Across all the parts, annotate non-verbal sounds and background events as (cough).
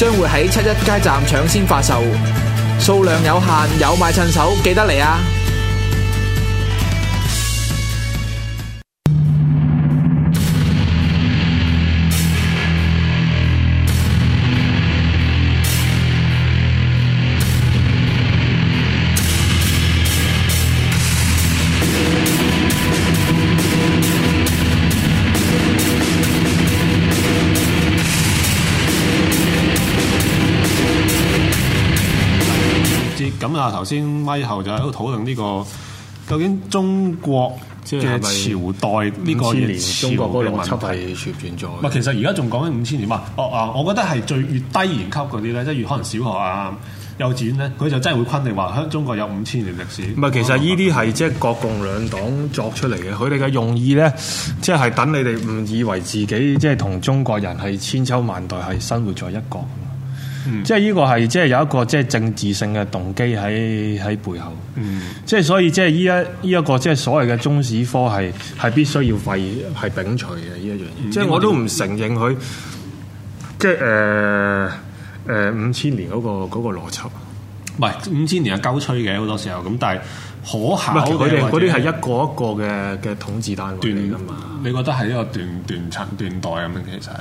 將會喺七一街站搶先發售，數量有限，有買趁手，記得嚟啊！先咪後就喺度討論呢、這個究竟中國嘅朝代呢個年中國六個問題存唔存在？唔係其實而家仲講緊五千年嘛？哦啊！我覺得係最越低年級嗰啲咧，即係越可能小學啊、幼稚園咧，佢就真係會昆你話，喺中國有五千年歷史。唔係其實呢啲係即係國共兩黨作出嚟嘅，佢哋嘅用意咧，即係等你哋誤以為自己即係同中國人係千秋萬代係生活在一個。嗯、即係呢個係，即係有一個即係政治性嘅動機喺喺背後。嗯、即係所以，即係呢一呢一個即係所謂嘅中史科係係必須要廢係摒除嘅呢一樣嘢，嗯。即係我都唔承認佢，即係誒誒五千年嗰，那個嗰，那個邏輯，唔係五千年係鳩吹嘅好多時候咁，但係可行。佢哋嗰啲係一個一個嘅嘅統治單位嚟噶嘛？你覺得係一個斷斷層斷代咁樣其實係？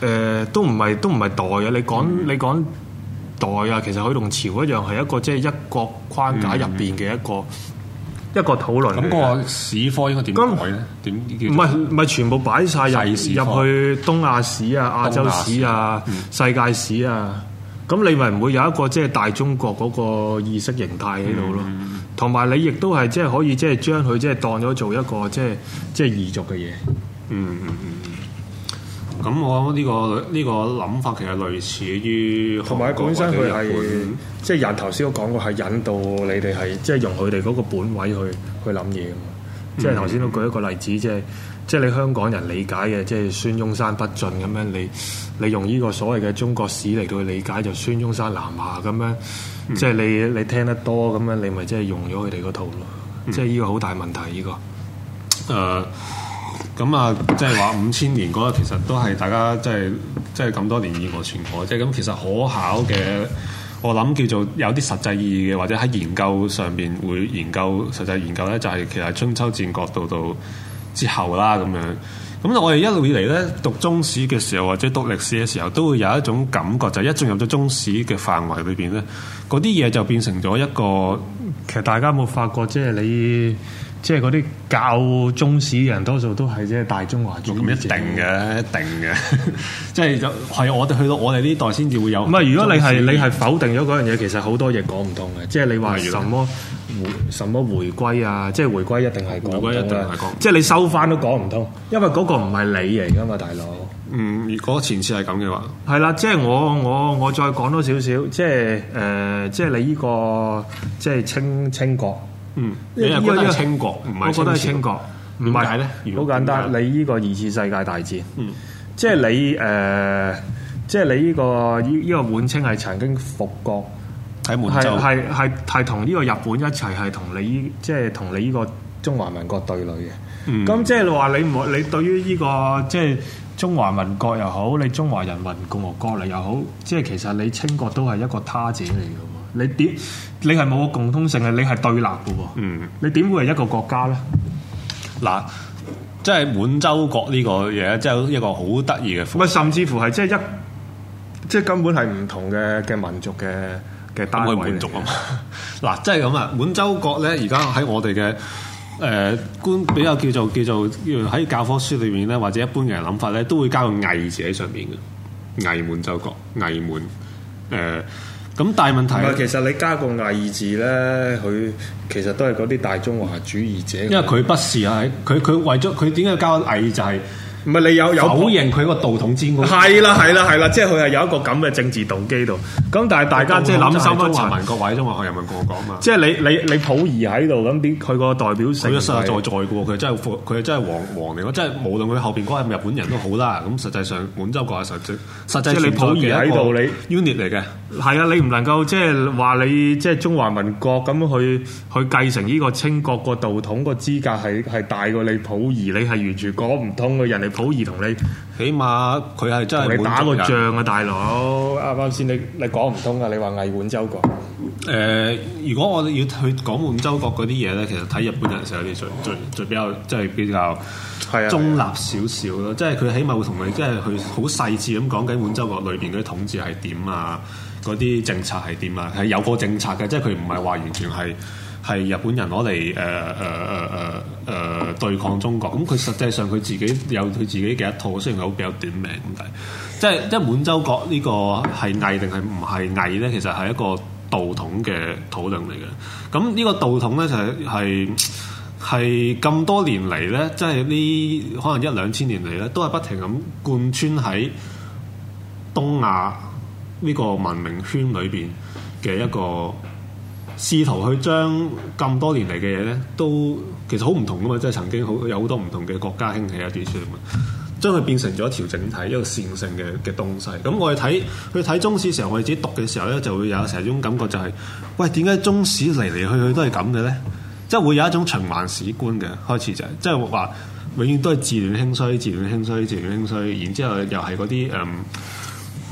誒都唔係都唔係代啊！你講你講代啊，其實佢同朝一樣，係一個即係一國框架入邊嘅一個一個討論。咁個史科應該點睇咧？點唔係唔係全部擺晒入去東亞史啊、亞洲史啊、世界史啊？咁你咪唔會有一個即係大中國嗰個意識形態喺度咯？同埋你亦都係即係可以即係將佢即係當咗做一個即係即係異族嘅嘢。嗯嗯嗯。咁我呢、呢個呢、呢個諗法其實類似於同埋本，本身佢係即係人頭先都講過，係引導你哋係即係用佢哋嗰個本位去去諗嘢啊，即係頭先都舉一個例子，即係即係你香港人理解嘅，即、就、係、是、孫中山不盡咁樣。你你用呢個所謂嘅中國史嚟到去理解，就孫中山南下咁樣。即係、嗯、你你聽得多咁樣，你咪即係用咗佢哋嗰套咯。即係呢個好大問題呢、呢個。誒、嗯。Uh, 咁啊，即係話五千年嗰個其實都係大家即係即係咁多年耳熟能詳即係咁其實可考嘅，我諗叫做有啲實際意義嘅，或者喺研究上邊會研究實際研究咧，就係、是、其實春秋戰國度到之後啦咁樣。咁我哋一路以嚟咧讀中史嘅時候或者讀歷史嘅時候，都會有一種感覺，就係、是、一進入咗中史嘅範圍裏邊咧，嗰啲嘢就變成咗一個，其實大家有冇發覺，即係你？即係嗰啲教中史嘅人多數都係即係大中華人。咁一定嘅，一定嘅。定 (laughs) 即係就係我哋去到我哋呢代先至會有。唔係，如果你係你係否定咗嗰樣嘢，其實好多嘢講唔通嘅。即係你話什,什麼回什麼回歸啊？即係回歸一定係講，回歸一定係講。即係你收翻都講唔通，因為嗰個唔係你嚟噶嘛，大佬。嗯，如果前次係咁嘅話，係啦，即係我我我，我再講多少少，即係誒、呃，即係你依、這個即係清清，清國。嗯，呢個係清國，這個、清我覺得係清國。點解咧？好是果簡單，呢你呢個二次世界大戰，嗯，即係你誒，即、呃、係、就是、你呢、這個呢呢、這個滿清係曾經復國，喺滿洲，係係係同呢個日本一齊係同你呢即係同你呢個中華民國對壘嘅。咁即係話你冇你對於呢、這個即係、就是、中華民國又好，你中華人民共和國嚟又好，即、就、係、是、其實你清國都係一個他者嚟嘅。你點？你係冇個共通性嘅，你係對立嘅喎。嗯。你點會係一個國家咧？嗱，即係滿洲國呢個嘢，即係一個好得意嘅。唔、呃、係，甚至乎係即係一，即係根本係唔同嘅嘅民族嘅嘅單一民族啊嘛。嗱，即係咁啊，滿洲國咧，而家喺我哋嘅誒觀比較叫做叫做喺教科書裏面咧，或者一般嘅諗法咧，都會加個偽字喺上面嘅，偽滿洲國，偽滿誒。呃嗯咁大問題，其實你加個偽字咧，佢其實都係嗰啲大中華主義者。因為佢不是啊，佢佢為咗佢點解要加個偽就係、是。唔係你有有否認佢個道統之功？係啦，係啦，係啦，即係佢係有一個咁嘅政治動機度。咁但係大家即係諗深一層，中華民國或者中華人民共和國嘛。即係你你你溥儀喺度，咁點佢個代表性、就是？佢實實在在嘅喎，佢真係佢係真係皇皇嚟，即係、就是、無論佢後邊嗰係日本人都好啦。咁實際上滿洲國係實際，實際存在嘅一個 unit 嚟嘅。係啊你，你唔能夠即係話你即係中華民國咁去去繼承呢個清國個道統個資格係係大過你溥儀，你係完全講唔通嘅人嚟。好易同你，起碼佢係真係冇打過仗啊，大佬！啱啱先你你講唔通啊，你話偽滿洲國？誒、呃，如果我哋要去講滿洲國嗰啲嘢咧，其實睇日本人時候，有啲最最最比較即係、就是、比較中立少少咯，即係佢起碼會同你即係佢好細緻咁講緊滿洲國裏邊嗰啲統治係點啊，嗰啲政策係點啊，係有個政策嘅，即係佢唔係話完全係。係日本人攞嚟誒誒誒誒誒對抗中國，咁佢實際上佢自己有佢自己嘅一套，雖然好比較短命但係。即係即滿洲國呢個係偽定係唔係偽咧？其實係一個道統嘅討論嚟嘅。咁呢個道統咧就係係咁多年嚟咧，即係呢可能一兩千年嚟咧，都係不停咁貫穿喺東亞呢個文明圈裏邊嘅一個。嗯試圖去將咁多年嚟嘅嘢咧，都其實好唔同噶嘛，即係曾經好有好多唔同嘅國家興起一啲書啊嘛，將佢變成咗一條整體一個線性嘅嘅東西。咁我哋睇去睇中史嘅時候，我哋自己讀嘅時候咧，就會有成種感覺就係、是，喂點解中史嚟嚟去去都係咁嘅咧？即係會有一種循環史觀嘅開始就係、是，即係話永遠都係治亂興衰、治亂興衰、治亂興衰，然之後又係嗰啲誒。嗯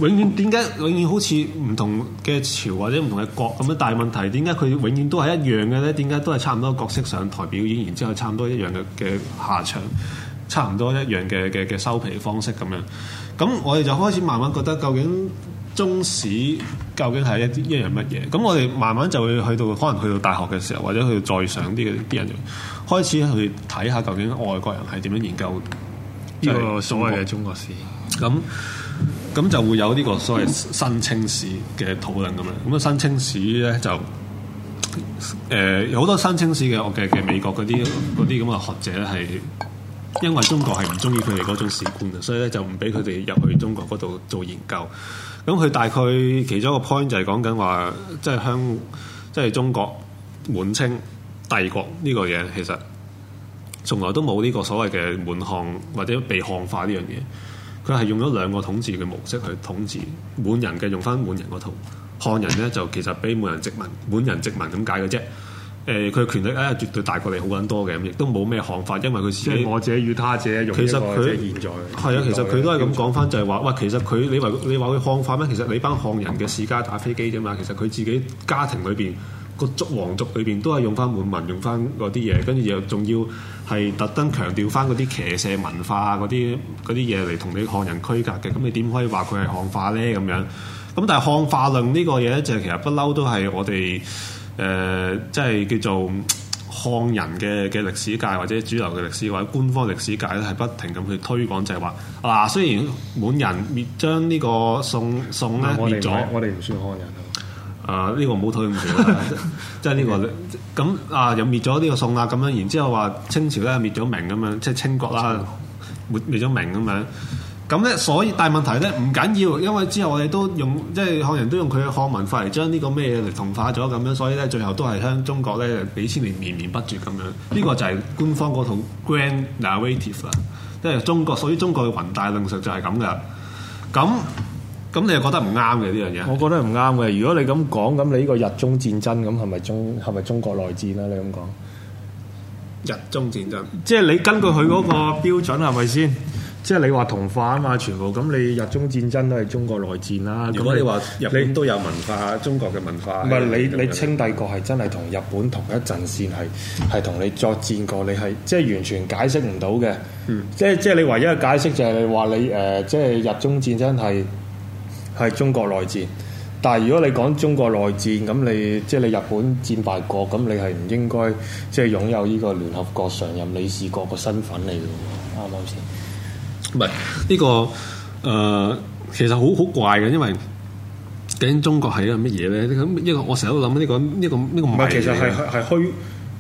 永遠點解永遠好似唔同嘅朝或者唔同嘅國咁樣大問題？點解佢永遠都係一樣嘅呢？點解都係差唔多角色上台表演然之後差唔多一樣嘅嘅下場，差唔多一樣嘅嘅嘅收皮方式咁樣？咁我哋就開始慢慢覺得，究竟中史究竟係一一樣乜嘢？咁我哋慢慢就會去到，可能去到大學嘅時候，或者去到再上啲嘅啲人，就開始去睇下究竟外國人係點樣研究呢個所謂嘅中國史咁。咁就會有呢個所謂新清史嘅討論咁樣，咁啊新清史咧就誒、呃、有好多新清史嘅我嘅嘅美國嗰啲啲咁嘅學者係因為中國係唔中意佢哋嗰種史觀啊，所以咧就唔俾佢哋入去中國嗰度做研究。咁佢大概其中一個 point 就係講緊話，即係香，即、就、係、是、中國滿清帝國呢個嘢，其實從來都冇呢個所謂嘅滿漢或者被漢化呢樣嘢。佢係用咗兩個統治嘅模式去統治，滿人嘅用翻滿人嗰套，漢人咧就其實比滿人殖民，滿人殖民咁解嘅啫。誒、呃，佢嘅權力啊、哎、絕對大過你好撚多嘅，咁亦都冇咩漢化，因為佢自己我者與他者，用其實佢係啊，其實佢都係咁講翻，就係話喂，其實佢你話你話佢漢化咩？其實你班漢人嘅士家打飛機啫嘛，其實佢自己家庭裏邊。個族皇族裏邊都係用翻滿文，用翻嗰啲嘢，跟住又仲要係特登強調翻嗰啲騎射文化嗰啲啲嘢嚟同你漢人區隔嘅，咁你點可以話佢係漢化咧？咁樣咁，但係漢化論呢個嘢咧、呃，就其實不嬲都係我哋誒，即係叫做漢人嘅嘅歷史界或者主流嘅歷史或者官方歷史界咧，係不停咁去推廣就係話嗱，雖然滿人將滅將呢個宋宋咧滅咗，我哋唔算漢人。啊！呢、這個唔好討論咁住啦， (laughs) 即係呢、這個咁啊又滅咗呢個宋啊，咁樣然之後話清朝咧滅咗明咁樣，即係清國啦滅滅咗明咁樣。咁咧，所以大問題咧唔緊要，因為之後我哋都用即係漢人都用佢嘅漢文化嚟將呢個咩嚟同化咗咁樣，所以咧最後都係向中國咧幾千年綿綿不絕咁樣。呢、這個就係官方嗰套 grand narrative 啦，即係中國所以中國嘅宏大論述就係咁噶。咁咁你又覺得唔啱嘅呢樣嘢？我覺得唔啱嘅。如果你咁講，咁你呢個日中戰爭咁係咪中係咪中國內戰啦、啊？你咁講日中戰爭，即係你根據佢嗰個標準係咪先？即係你話同化啊嘛，全部咁你日中戰爭都係中國內戰啦、啊。如果你話日本你你都有文化，中國嘅文化唔係你你清帝國係真係同日本同一陣線，係係同你作戰過，你係即係完全解釋唔到嘅。即係即係你唯一嘅解釋就係你話你誒、呃，即係日中戰爭係。係中國內戰，但係如果你講中國內戰，咁你即係你日本戰敗國，咁你係唔應該即係擁有呢個聯合國常任理事國個身份嚟嘅喎？啱唔啱先？唔係呢個，誒、呃，其實好好怪嘅，因為究竟中國係一個乜嘢咧？呢個一個我成日都諗呢個呢個呢個唔係，其實係係虛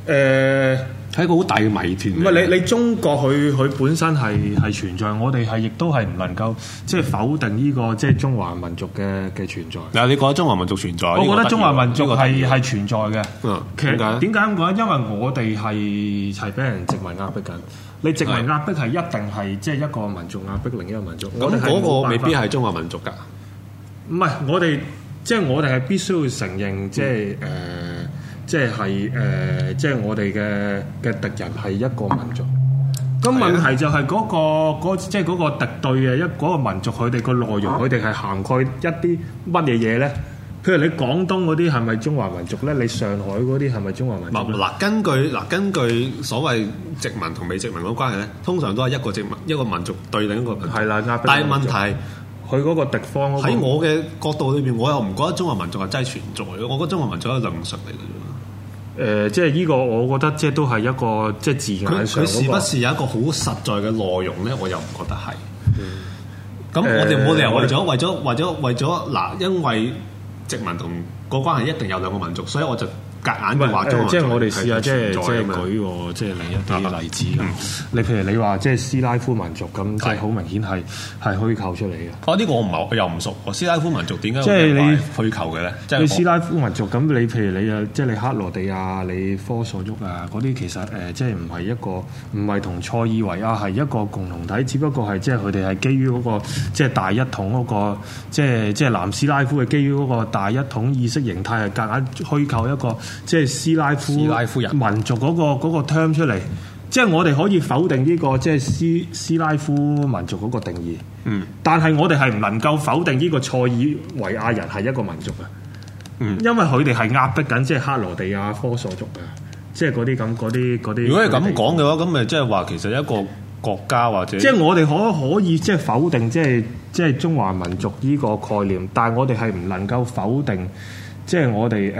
誒。係一個好大嘅謎團。唔係你你中國佢佢本身係係存在，我哋係亦都係唔能夠即係否定呢、這個即係、就是、中華民族嘅嘅存在。嗱，你覺得中華民族存在，我覺得中華民族係係存在嘅。嗯，點解咧？點解咁講？因為我哋係係俾人殖民壓迫緊，你殖民壓迫係一定係即係一個民族壓迫另一個民族。嗯、我哋嗰個未必係中華民族噶。唔係我哋，即、就、係、是、我哋係必須要承認，即係誒。呃即係誒，即係我哋嘅嘅敵人係一個民族。咁問題就係嗰個嗰即係嗰個敵對嘅一嗰個民族，佢哋個內容，佢哋係涵蓋一啲乜嘢嘢咧？譬如你廣東嗰啲係咪中華民族咧？你上海嗰啲係咪中華民族？嗱嗱，根據嗱根據所謂殖民同未殖民嗰個關係咧，通常都係一個殖民一個民族對另一個民族。係啦，壓逼。但係問題，佢嗰個敵方喺我嘅角度裏邊，我又唔覺得中華民族係真係存在。我覺得中華民族係論述嚟嘅啫。誒、呃，即係呢個，我覺得即係都係一個即係字眼，佢是不是有一個好實在嘅內容咧？我又唔覺得係。咁、嗯、我哋冇理由為咗為咗為咗為咗嗱、呃，因為殖民同個關係一定有兩個民族，所以我就。隔硬去話齋，即係、呃呃就是、我哋試下、就是，即係即係舉個，即係另一啲例子。嗯嗯、你譬如你話，即、就、係、是、斯拉夫民族咁，即係好明顯係係虛構出嚟嘅。哦，呢、這個我唔係又唔熟。斯拉夫民族點解即係你虛構嘅咧？呢就是、你斯拉夫民族咁，你譬如你啊，即、就、係、是、你克羅地亞、你科索沃啊嗰啲，其實誒，即係唔係一個唔係同塞爾維亞係一個共同體，只不過係即係佢哋係基於嗰、那個即係、就是、大一統嗰、那個，即係即係南斯拉夫係基於嗰個大一統意識形態，係隔硬虛構一個。即係斯拉夫民族嗰個嗰個 term 出嚟，即係我哋可以否定呢個即係斯斯拉夫民族嗰個定義。嗯，但係我哋係唔能夠否定呢個塞爾維亞人係一個民族啊。嗯，因為佢哋係壓迫緊即係克羅地亞科索族啊，嗯、即係嗰啲咁嗰啲嗰啲。如果係咁講嘅話，咁咪即係話其實一個國家或者，即係我哋可可以即係否定即係即係中華民族呢個概念，但係我哋係唔能夠否定。即係我哋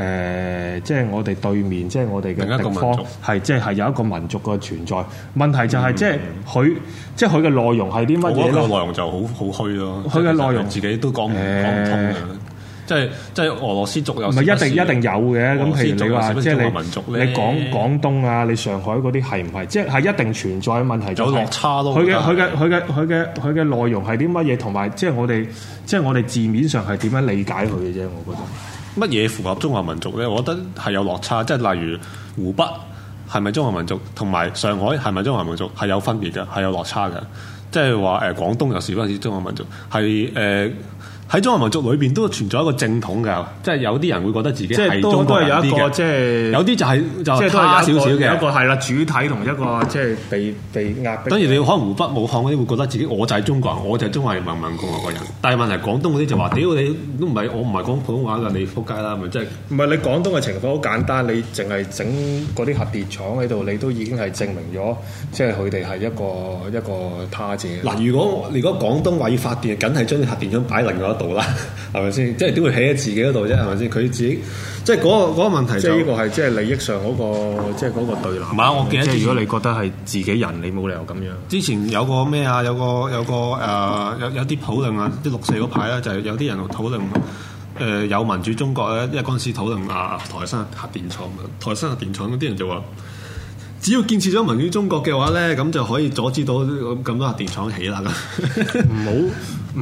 誒，即係我哋對面，即係我哋嘅地方，係即係係有一個民族嘅存在。問題就係即係佢，即係佢嘅內容係啲乜嘢咧？我覺得內容就好好虛咯。佢嘅內容自己都講唔講通嘅，即係即係俄羅斯族有唔係一定一定有嘅。咁譬如你話，即係你民族你講廣東啊，你上海嗰啲係唔係？即係係一定存在。問題就落差咯。佢嘅佢嘅佢嘅佢嘅佢嘅內容係啲乜嘢？同埋即係我哋即係我哋字面上係點樣理解佢嘅啫？我覺得。乜嘢符合中華民族呢？我覺得係有落差，即係例如湖北係咪中華民族，同埋上海係咪中華民族係有分別嘅，係有落差嘅，即係話誒廣東又係唔係中華民族，係誒。喺中華民族裏邊都存在一個正統嘅，即係有啲人會覺得自己係中國人啲嘅。即係有啲就係、是、即係都係一個係啦，主體同一個即係、就是、被被壓迫。當然，你可能湖北武漢嗰啲會覺得自己我就係中國人，我就係中華人民共和國人。但係問題廣東嗰啲就話屌 (laughs) 你都唔係，我唔係講普通話㗎，你撲街啦咪即係？唔係 (laughs) 你廣東嘅情況好簡單，你淨係整嗰啲核電廠喺度，你都已經係證明咗，即係佢哋係一個一個他者。嗱，如果， (laughs) 如果如果廣東話要發電，梗係將啲核電廠擺另外一。 (laughs) (laughs) 啦，係咪先？即係點會起喺自己嗰度啫？係咪先？佢自己即係嗰個嗰個問題就，即係呢個係即係利益上嗰、嗰個，即係嗰個對立。唔係我記得，如果你覺得係自己人，你冇理由咁樣。之前有個咩啊？有個有個誒、呃，有有啲討論啊，啲六四嗰排啦，就係有啲人討論誒、呃、有民主中國咧。因為嗰陣時討論啊台山核電廠啊，台山核電廠嗰啲人就話。只要建設咗民主中國嘅話呢咁就可以阻止到咁咁多電廠起啦。唔 (laughs) 好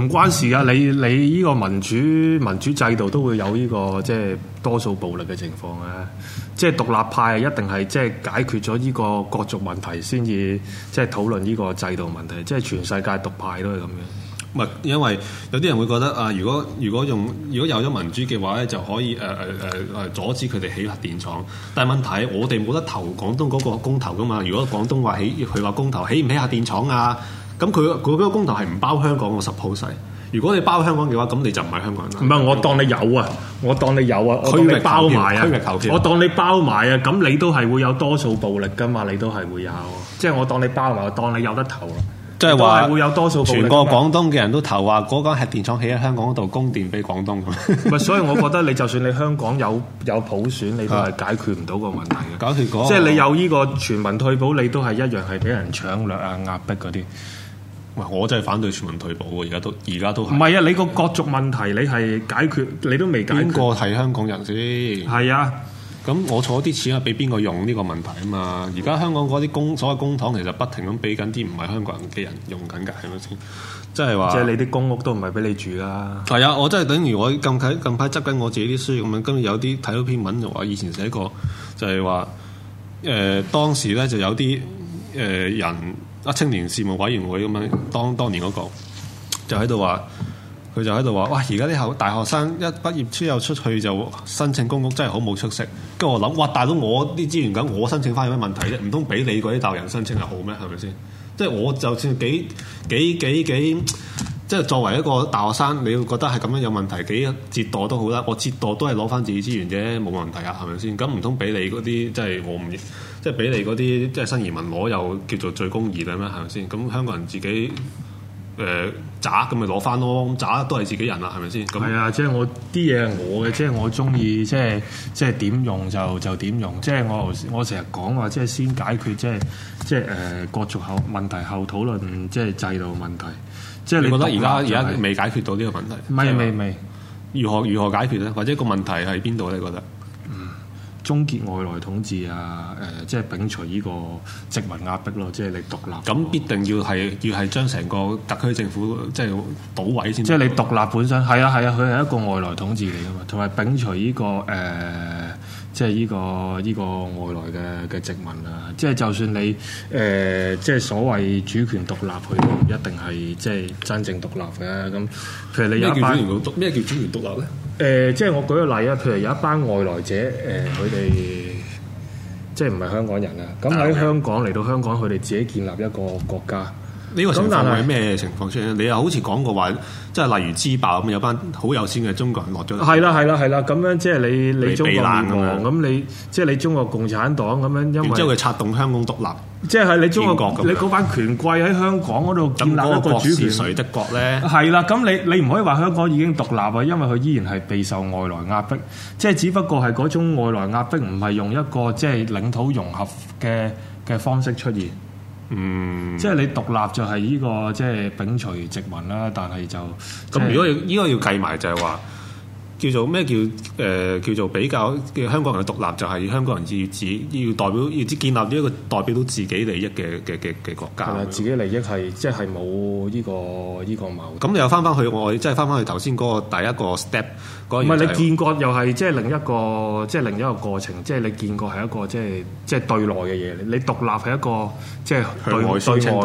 唔關事啊！你你呢個民主民主制度都會有呢、這個即係、就是、多數暴力嘅情況啊！即、就、係、是、獨立派一定係即係解決咗呢個國族問題先至即係討論呢個制度問題。即、就、係、是、全世界獨派都係咁樣。因為有啲人會覺得啊，如果如果用如果有咗民主嘅話咧，就可以誒誒誒誒阻止佢哋起核電廠。但係問題，我哋冇得投廣東嗰個公投噶嘛。如果廣東話起佢話公投起唔起核電廠啊，咁佢佢嗰個公投係唔包香港個十普勢。如果你包香港嘅話，咁你就唔係香港人。唔係我當你有啊，我當你有啊，區域包埋啊，我當你包埋啊，咁你都係會有多數暴力㗎嘛，你都係會有。即係我當你包埋，當你有得投。即係話會有多數，全國廣東嘅人都投話嗰間核電廠起喺香港嗰度供電俾廣東。唔係，所以我覺得你就算你香港有有普選，你都係解決唔到個問題嘅。解決即係你有呢個全民退保，你都係一樣係俾人搶掠啊壓迫嗰啲。我真係反對全民退保喎！而家都而家都係。唔係啊！你個國族問題，你係解決，你都未解決。個係香港人先係啊。咁我儲啲錢啊，俾邊個用呢個問題啊嘛？而家香港嗰啲公所謂公帑，其實不停咁俾緊啲唔係香港人嘅人用緊㗎，係咪先？就是、即係話，即係你啲公屋都唔係俾你住啦。係啊，我真係等於我近近排執緊我自己啲書咁樣，跟住有啲睇到篇文就話以前寫過，就係話誒當時咧就有啲誒、呃、人啊青年事務委員會咁樣，當當年嗰、那個就喺度話。佢就喺度話，哇！而家啲後大學生一畢業之後出去就申請公屋，真係好冇出息。跟住我諗，哇！大佬，我啲資源咁，我申請翻有咩問題啫？唔通畀你嗰啲大陸人申請係好咩？係咪先？即係我就算幾幾幾幾，即係作為一個大學生，你會覺得係咁樣有問題？幾折墮都好啦，我折墮都係攞翻自己資源啫，冇問題啊，係咪先？咁唔通畀你嗰啲，即係我唔，即係畀你嗰啲，即係新移民攞又叫做最公義嘅咩？係咪先？咁香港人自己。誒渣咁咪攞翻咯，渣都係自己人啦，係咪先？係啊，即係我啲嘢係我嘅，即係我中意，即係即係點用就就點用。即係我我成日講話，即係先解決即係即係誒國族後問題後討論即係制度問題。即係你覺得而家而家未解決到呢個問題？未未未，如何如何解決咧？或者個問題係邊度咧？你覺得？終結外來統治啊！誒、呃，即係摒除呢個殖民壓迫咯，即係你獨立。咁、嗯、必定要係要係將成個特區政府即係倒位先。即係你獨立本身係啊係啊，佢係、啊啊啊、一個外來統治嚟噶嘛，同埋摒除呢、這個誒、呃，即係呢、這個依、這個外來嘅嘅殖民啊！即係就算你誒、呃，即係所謂主權獨立，佢都唔一定係即係真正獨立嘅。咁、嗯、譬如你有咩叫主權獨立咧？誒、呃、即係我舉個例啊，譬如有一班外來者，誒佢哋即係唔係香港人啊，咁喺香港嚟 (noise) 到香港，佢哋自己建立一個國家。呢個情況會咩情況出現？是你又好似講過話，即係例如資爆咁，有班好有錢嘅中國人落咗。係啦，係啦，係啦，咁樣即係你你中國連盟咁，如你即係你中國共產黨咁樣因為。然之後佢策動香港獨立，即係你中國，國你嗰班權貴喺香港嗰度建立一個主權。誰的國咧？係啦，咁你你唔可以話香港已經獨立啊，因為佢依然係備受外來壓迫，即係只不過係嗰種外來壓迫唔係用一個即係領土融合嘅嘅方式出現。嗯，即係你獨立就係呢個即係摒除殖民啦，但係就咁是如果要呢個要計埋就係話。叫做咩，叫誒，叫做比較嘅香港人嘅獨立，就係香港人要自要代表要建建立一個代表到自己利益嘅嘅嘅嘅國家。係啊，自己利益係即係冇依個依個矛盾。咁又翻翻去我即係翻翻去頭先嗰個第一個 step 嗰個問題。唔係你建國又係即係另一個即係另一個過程，即係你建國係一個即係即係對內嘅嘢。你獨立係一個即係對外嘅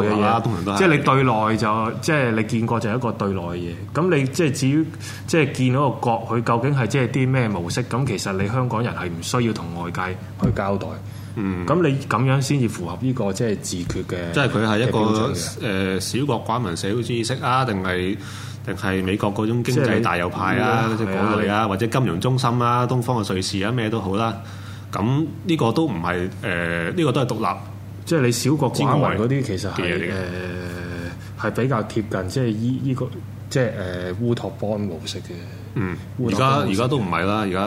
嘢，即係你對內就即係你建國就係一個對內嘅嘢。咁你即係至於即係建嗰個國去。究竟係即係啲咩模式？咁其實你香港人係唔需要同外界去交代。嗯，咁你咁樣先至符合呢個即係自決嘅。即係佢係一個誒、呃、小國寡民社會主義式啊，定係定係美國嗰種經濟大右派啊，即係嗰類啊，的或者金融中心啊，你東方嘅瑞士啊，咩都好啦、啊。咁呢個都唔係誒，呢、呃呢個都係獨立。即係你小國寡民嗰啲，其實係誒係比較貼近，即係依依個。即係誒、呃、烏托邦模式嘅，嗯，而家而家都唔係啦，而家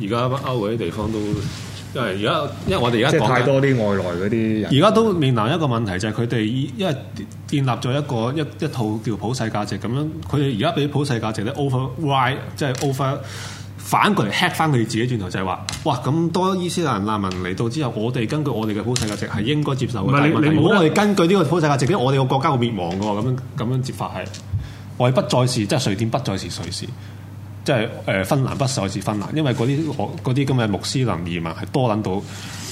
而家歐嗰啲地方都，因為而家因為我哋而家講太多啲外來嗰啲人，而家都面臨一個問題就係佢哋因為建立咗一個一一,一套叫普世價值咁樣，佢哋而家俾普世價值咧 override，即係 over 反過嚟 hack 翻佢哋自己轉頭就係、是、話，哇咁多伊斯蘭難民嚟到之後，我哋根據我哋嘅普世價值係應該接受嘅，但係問題係如果我哋根據呢個普世價值，咧我哋個國家會滅亡嘅喎，咁樣咁樣接法係。位不再是，即係瑞典不再是瑞士。即係誒，芬蘭不再是芬蘭，因為嗰啲啲咁嘅穆斯林移民係多撚到，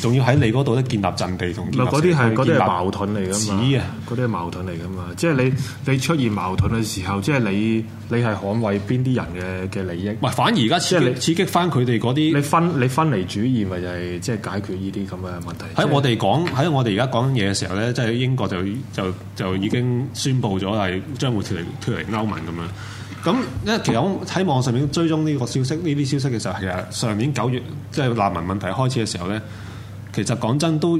仲要喺你嗰度都建立陣地同嗱，嗰啲係嗰啲矛盾嚟㗎嘛，嗰啲係矛盾嚟㗎嘛，即係你你出現矛盾嘅時候，即係你你係捍衞邊啲人嘅嘅利益？唔係，反而而家刺激刺激翻佢哋嗰啲，你分你分離主義咪就係即係解決呢啲咁嘅問題。喺我哋講喺我哋而家講嘢嘅時候咧，即係英國就就就，就已經宣布咗係將會脱離脱離歐盟咁樣。咁因為其實我喺網上面追蹤呢個消息，呢啲消息嘅時候，其實上年九月即係難民問題開始嘅時候咧，其實講真都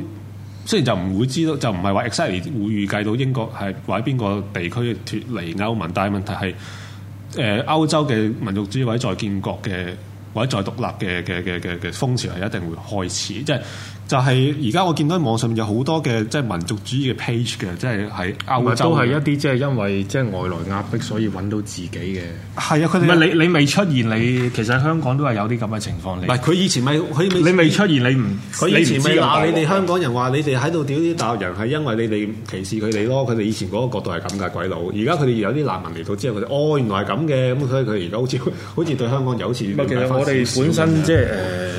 雖然就唔會知道，就唔係話 exactly 會預計到英國係或者邊個地區脱離歐盟，但係問題係誒、呃、歐洲嘅民族主義或者在建國嘅或者在獨立嘅嘅嘅嘅嘅風潮係一定會開始，即、就、係、係。就係而家，我見到網上面有好多嘅即係民族主義嘅 page 嘅，即係喺歐洲都係一啲即係因為即係外來壓迫，所以揾到自己嘅。係啊，佢哋唔係你你未出現，你其實香港都係有啲咁嘅情況。唔佢以前咪佢你未出現你唔佢不以前咪話你哋香港人，話你哋喺度屌啲大陸人係因為你哋歧視佢哋咯，佢哋以前嗰個角度係咁㗎鬼佬。而家佢哋有啲難民嚟到之後，佢哋哦，原來係咁嘅，咁所以佢哋而家好似好似對香港有次不是其實我哋本身即係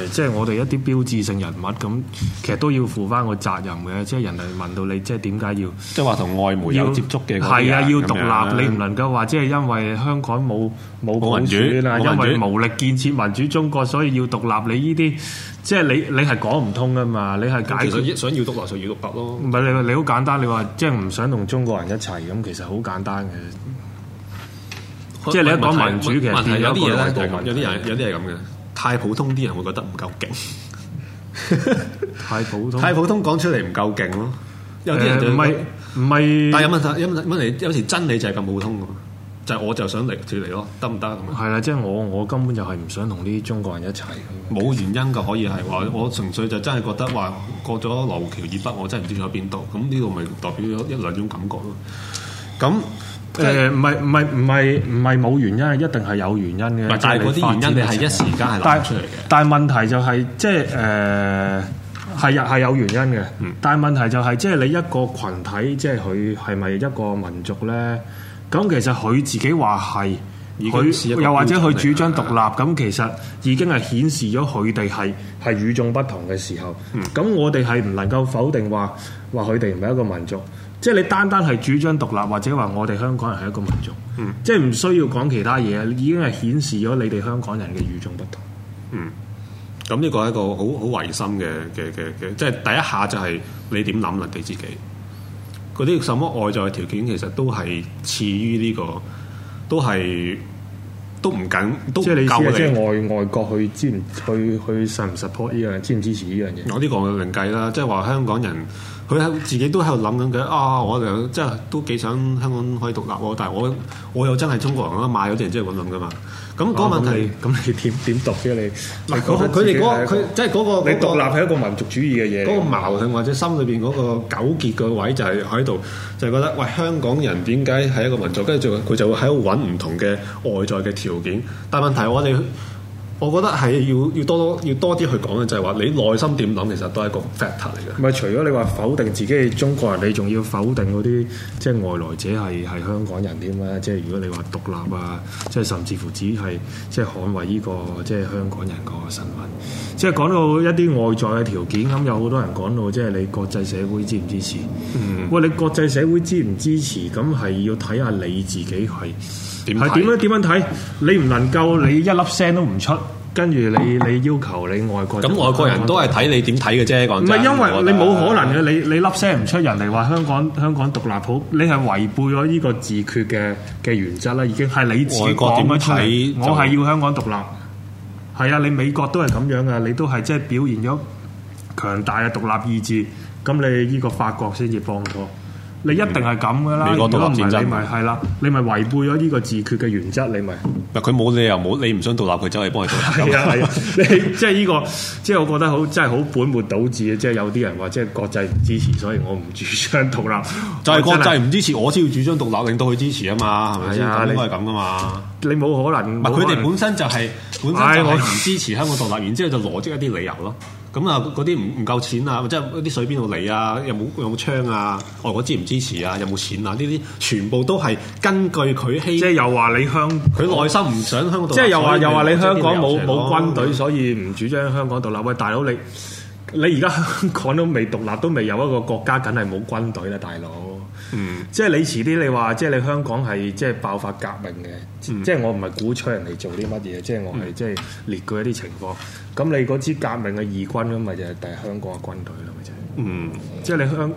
誒即係我哋、即係、一啲標誌性人物咁。呃其實都要負翻個責任嘅，即係人哋問到你，即係點解要？即係話同外媒有接觸嘅，係啊，要獨立，你唔能夠話，即係因為香港冇冇民主，因為無力建設民主中國，所以要獨立。你呢啲即係你你係講唔通噶嘛？你係解決，想要獨立就要獨立咯。唔係你你好簡單，你話即係唔想同中國人一齊咁，其實好簡單嘅。即係你一講民主嘅問題，有啲嘢咧，有啲人有啲係咁嘅，太普通，啲人會覺得唔夠勁。 (laughs) 太普通，太普通講出嚟唔夠勁咯。有啲人唔係唔係，呃、但有問題，有問題，有時真理就係咁普通噶嘛。就係、是、我就想嚟脱嚟咯，得唔得？係啦，即係、就是、我我根本就係唔想同啲中國人一齊。冇原因噶可以係話的，我純粹就真係覺得話過咗羅湖橋以北，我真係唔知咗邊度。咁呢度咪代表咗一兩種感覺咯。咁。誒，唔係唔係唔係唔係，冇原因，一定係有原因嘅。不但係嗰啲原因你係一時間係諗出嚟嘅。但係問題就係、是、即係誒係係有原因嘅。嗯、但係問題就係、是、即係你一個群體，即係佢係咪一個民族咧？咁其實佢自己話係，佢又或者佢主張獨立，咁、嗯、其實已經係顯示咗佢哋係係與眾不同嘅時候。咁、嗯、我哋係唔能夠否定話話佢哋唔係一個民族。即係你單單係主張獨立，或者話我哋香港人係一個民族，嗯、即係唔需要講其他嘢已經係顯示咗你哋香港人嘅與眾不同。嗯，咁、這、呢個係一個好好唯心嘅嘅嘅嘅，即係第一下就係你點諗啦？你自己嗰啲什麼外在條件，其實都係次於呢個，都係都唔緊，都，緊都即係你知唔知外外國去支唔去去實唔 support 依樣，支唔支持呢樣嘢？我呢個嘅另計啦，即係話香港人。佢喺自己都喺度諗緊嘅啊！我哋即係都幾想香港可以獨立喎，但係我我又真係中國人啦，買嗰啲人真係咁諗噶嘛。咁嗰個問題，咁你點點讀啫？你佢哋嗰佢即係嗰個你獨立係一個民族主義嘅嘢，嗰個矛盾或者心裏邊嗰個糾結嘅位就係喺度就係、是、覺得喂香港人點解係一個民族，跟住佢就會喺度揾唔同嘅外在嘅條件，但係問題我哋。我覺得係要要多多要多啲去講嘅就係話你內心點諗其實都係一個 factor 嚟嘅。唔係除咗你話否定自己係中國人，你仲要否定嗰啲即係外來者係係香港人添啦。即係如果你話獨立啊，即係甚至乎只係、這個、即係捍衞呢個即係香港人個身份。即係講到一啲外在嘅條件，咁有好多人講到即係你國際社會支唔支持？嗯，喂，你國際社會支唔支持？咁係要睇下你自己係。係點咧？點樣睇？你唔能夠，你一粒聲都唔出，跟住你你要求你外國，咁外國人都係睇你點睇嘅啫，講真。唔係因為你冇可能嘅，你你粒聲唔出，人哋話香港香港獨立好，你係違背咗呢個自決嘅嘅原則啦，已經係你自己點樣睇？就是，我係要香港獨立。係啊，就是，你美國都係咁樣嘅，你都係即係表現咗強大嘅獨立意志。咁你呢個法國先至放咗。你一定係咁噶啦，你唔獨立，你咪係啦，你咪違背咗呢個自決嘅原則，你咪。唔係佢冇理由冇，你唔想獨立，佢走嚟幫你做。係啊係啊，你即係呢個，即係我覺得好，真係好本末倒置啊！即係有啲人話，即係國際唔支持，所以我唔主張獨立。就係國際唔支持，我先要主張獨立，令到佢支持啊嘛，係咪先？應該係咁噶嘛，你冇可能。佢哋本身就係本身我唔支持香港獨立，然之後就攞即一啲理由咯。咁啊，嗰啲唔唔夠錢啊，即係啲水邊度嚟啊？有冇有冇槍啊？外國支唔支持啊？有冇錢啊？呢啲全部都係根據佢欺。即係又話你香，佢、哦、內心唔想香港。即係又話又話你香港冇冇軍隊，所以唔主張香港獨立。嗯、喂，大佬，你你而家香港都未獨立，都未有一個國家，梗係冇軍隊啦，大佬。嗯，即係你遲啲你話，即係你香港係即係爆發革命嘅，嗯、即係我唔係鼓吹人哋做啲乜嘢，嗯、即係我係即係列舉一啲情況。咁你嗰支革命嘅義軍咁，咪就係第香港嘅軍隊咯，咪就。係，嗯，即係你香，誒、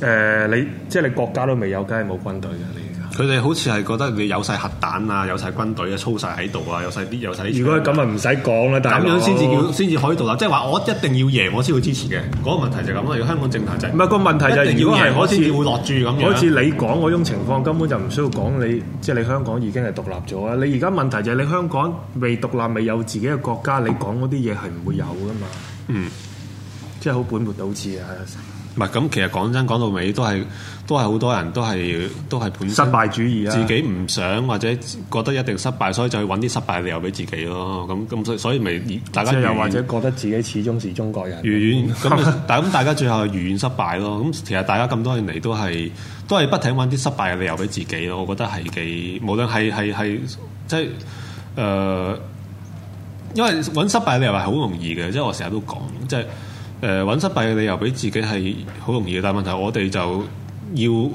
呃，你即係你國家都未有，梗係冇軍隊嘅你。佢哋好似係覺得你有晒核彈啊，有晒軍隊啊，操晒喺度啊，有晒啲，有曬，如果咁啊，唔使講啦。但係咁樣先至叫先至可以獨立，即係話我一定要贏，我先會支持嘅。嗰、嗰個問題就係咁啦，如果香港政壇就係。唔係、嗰個問題就係、係，如果係好似會落注咁好似你講嗰種情況，嗯、根本就唔需要講你，即、就、係、係、你香港已經係獨立咗啊。你而家問題就係你香港未獨立，未有自己嘅國家，你講嗰啲嘢係唔會有噶嘛？嗯，即係好本末倒置啊！咁，其實講真，講到尾都係都係好多人都係都係本身失敗主義啦，自己唔想或者覺得一定失敗，所以就去揾啲失敗嘅理由俾自己咯。咁咁，所以所以咪大家又、就是、如願或者覺得自己始終是中國人，如願咁，但咁大家最後係如願失敗咯。咁其實大家咁多年嚟都係都係不停揾啲失敗嘅理由俾自己咯。我覺得係幾，無論係係係即係誒、呃，因為揾失敗嘅理由係好容易嘅，即係我成日都講即係。誒揾、呃、失敗嘅理由俾自己係好容易嘅，但係問題我哋就要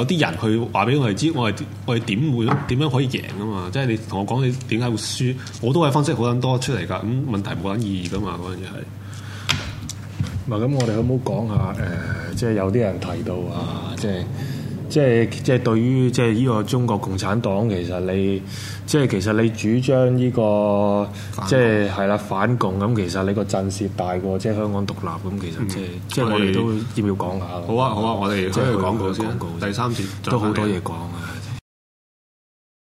有啲人去話俾我哋知，我哋我哋點會點樣可以贏啊嘛？即係你同我講你點解會輸，我都係分析好撚多出嚟㗎。咁問題冇撚意義㗎嘛？嗰樣嘢係。嗱、嗯，咁我哋可唔可以講下誒、呃？即係有啲人提到啊，即係。即係即係對於即係依個中國共產黨，其實你即係、就是、其實你主張呢、這個即係係啦反共咁，就是，其實你個陣勢大過即係香港獨立咁，其實即係即係我哋們都要唔要講下好啊好啊，好啊我哋可以廣告先。告第三段都好多嘢講啊！